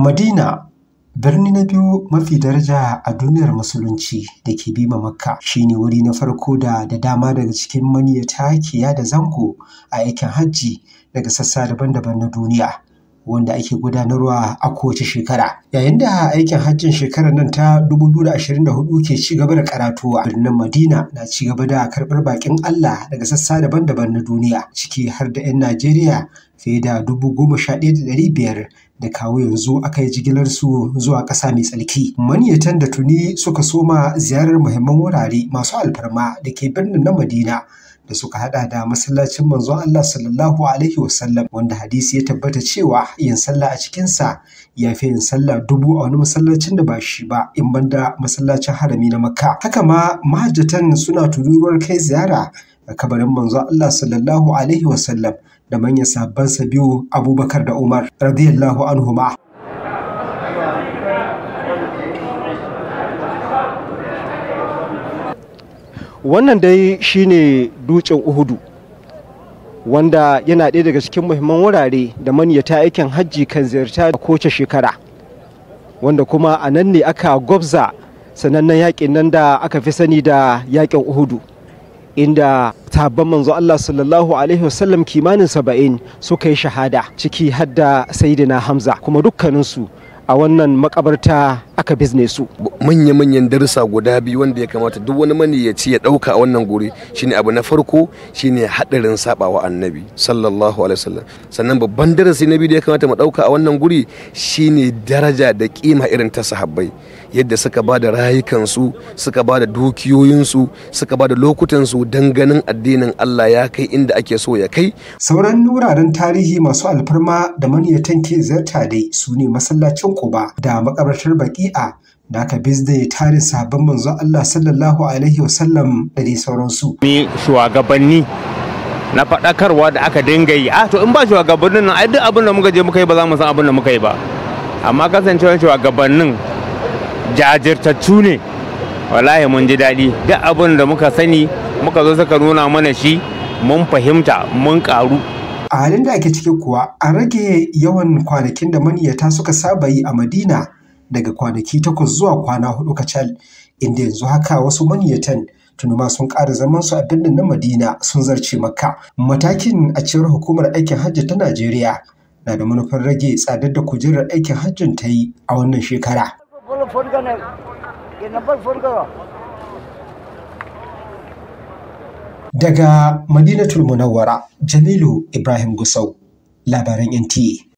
Madina Birni na biyu mafi daraja a duniyar musulunci da ke bima Makka shine wuri na farko da da dama daga cikin maniyata ke yada zango a aikin hajji daga sassa daban-daban na duniya wanda ake gudanarwa a kowace shekara. Yayin da aikin hajjin shekarar nan ta 2024 ke ci gaba da karatu a birnin Madina na ci gaba da karɓar bakin Allah daga sassa daban-daban na duniya ciki har da 'yan Najeriya fiye da dubu goma sha ɗaya da ɗari biyar da kawo yanzu aka yi jigilar su zuwa ƙasa mai tsarki. Maniyatan da tuni suka soma ziyarar muhimman wurare masu alfarma da ke birnin na Madina da suka hada da masallacin manzon Allah sallallahu alaihi wasallam wanda hadisi ya tabbata cewa yin sallah a cikinsa ya fi yin sallah dubu a wani masallacin da ba shi ba in banda masallacin harami na Makka. Haka ma mahajjatan suna tururuwar kai ziyara a kabarin manzo Allah sallallahu alaihi wasallam da manyan sahabbansa biyu Abubakar da Umar radiyallahu anhuma. Wannan dai shine dutsen Uhudu wanda yana ɗaya daga cikin muhimman wurare da maniyata aikin hajji kan ziyarta da koce shekara wanda kuma a nan ne aka gwabza sanannen yaƙin nan da aka fi sani da yaƙin Uhudu inda sahabban manzo Allah sallallahu alaihi wasallam kimanin saba'in suka yi shahada ciki hadda sayidina Hamza kuma dukkaninsu a wannan makabarta aka bizne su. Manya-manyan darussa guda biyu wanda ya kamata duk wani mani ya ci ya ɗauka a wannan guri shine abu na farko shine hadarin sabawa annabi sallallahu alaihi wasallam. Sannan babban darasi na biyu da ya kamata mu ɗauka a wannan guri shine daraja da kima irin ta sahabbai. yadda suka ba da rayukansu suka ba da dukiyoyinsu suka ba da lokutansu don ganin addinin Allah ya kai inda ake so ya kai. Sauran wuraren tarihi masu alfarma da maniyatan ke ziyarta dai su ne masallacin Kuba da makabartar Baki'a da aka bizdaye tarin sabon manzon Allah sallallahu alaihi wasallam da dai sauransu. Ni shugabanni na faɗakarwa da aka dinga yi a ah, to in ba shugabannin nan ai duk abin da muka je muka yi ba za mu san abin da muka yi ba amma kasancewar shugabannin jajirtattu ne wallahi mun ji daɗi duk abin da muka sani muka zo suka nuna mana shi mun fahimta mun ƙaru a halin da ake ciki kuwa an rage yawan kwanakin da maniyata suka saba yi a madina daga kwanaki takwas zuwa kwana hudu kacal inda yanzu haka wasu maniyatan tunuma sun ƙara zaman su a birnin na madina sun zarce makka matakin a cewar hukumar aikin hajji ta najeriya na da manufar rage tsadar da kujerar aikin hajjin ta yi a wannan shekara phone करने ये number phone करो Daga Madinatul Munawwara, Jamilu Ibrahim Gusau, labaran NTA. E.